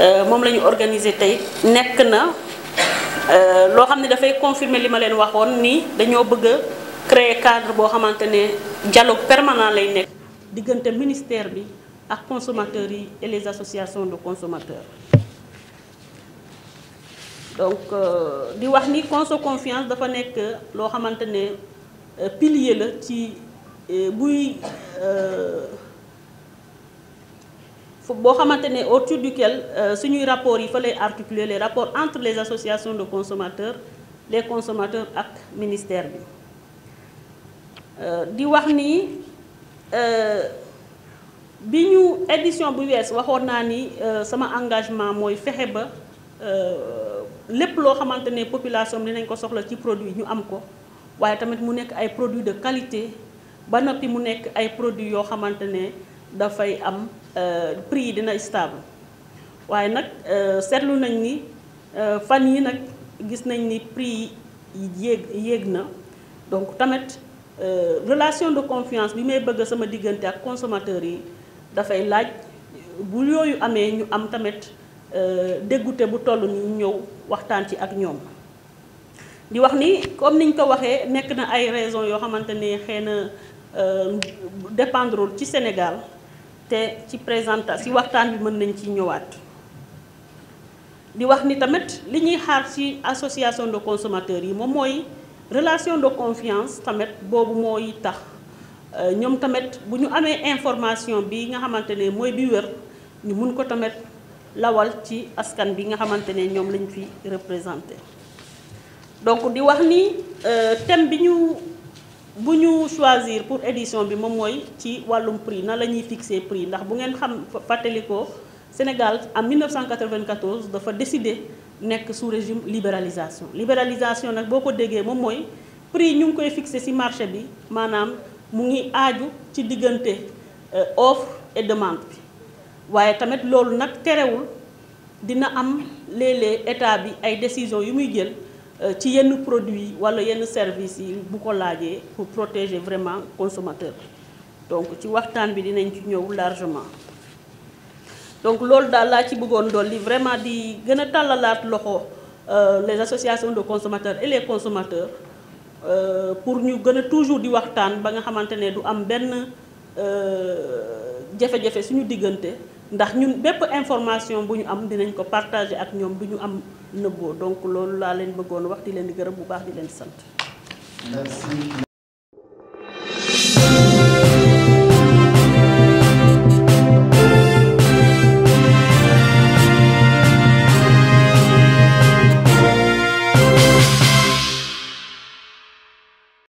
Euh, moom la ñu organiser tey nekk na euh, loo xam ne dafay confirmer li ma leen waxoon nii dañoo bëgg a créer cadre boo xamante ne dialogue permanent lay nekk diggante ministère bi ak consommateurs yi et les associations de consommateurs donc euh, di wax ni conso confiance dafa nekk loo xamante ne pilier la ci buy boo xamante ne autour duquel euh, suñuy rapport yi fa lay articuler les rapports entre les associations de consommateurs les consommateurs ak ministère bi euh, di wax ni euh, bi ñu édition bu wees waxoon naa ni sama engagement mooy fexe ba lépp loo xamante ne population bi dinañ ko soxla ci produit ñu am ko waaye tamit mu nekk ay produit de qualité ba noppi mu nekk ay produits yoo xamante ne dafay am euh, prix yi dina stable waaye nag euh, seetlu nañ ni euh, fan yi nag gis nañ ni prix yi yéeg yéeg na donc tamit relation de confiance bi may bëgg sama diggante ak consommateur yi dafay laaj bu yooyu amee ñu am tamit dégoûté bu toll ñu ñëw waxtaan ci ak ñoom di wax ni comme niñ ko waxee nekk na ay raisons yoo xamante ne xëy na dépendrul ci Sénégal te ci présentation ci waxtaan bi mën nañ ci ñëwaat di wax ni tamit li ñuy xaar ci association de consommateurs yi moom mooy relation de confiance tamit boobu mooy tax euh, ñoom tamit bu ñu amee information bi nga xamante ne mooy bi wér ñu mun ko tamit lawal ci askan bi nga xamante ne ñoom lañ fi représenté donc di wax ni euh, thème bi ñu bu ñu choisir pour édition bi moom mooy ci wàllum prix na la ñuy fixer prix ndax bu ngeen xam fàttalikoo Sénégal en 1994 dafa décider nekk su régime libéralisation libéralisation nag boo ko déggee moom mooy prix ñu ngi koy fixer ci marché bi maanaam mu ngi aaju ci diggante euh, offre et demande bi waaye tamit loolu nag terewul dina am léeg-léeg état bi ay décisions yu muy jël. Euh, ci yenn produits wala yenn services yi bu ko laajee pour protéger vraiment consommateur bi donc ci waxtaan bi dinañ ci ñëw largement donc loolu daal laa ci bëggoon dolli vraiment di gën a tàllalaat loxo euh, les associations de consommateurs et les consommateurs euh, pour ñu gën a toujours di waxtaan ba nga xamante ne du am benn jafe-jafe suñu diggante ndax ñun bépp information bu ñu am dinañ ko partager ak ñoom du ñu am nëbboo donc loolu laa leen bëggoon wax di leen di gërëm bu baax di leen sant.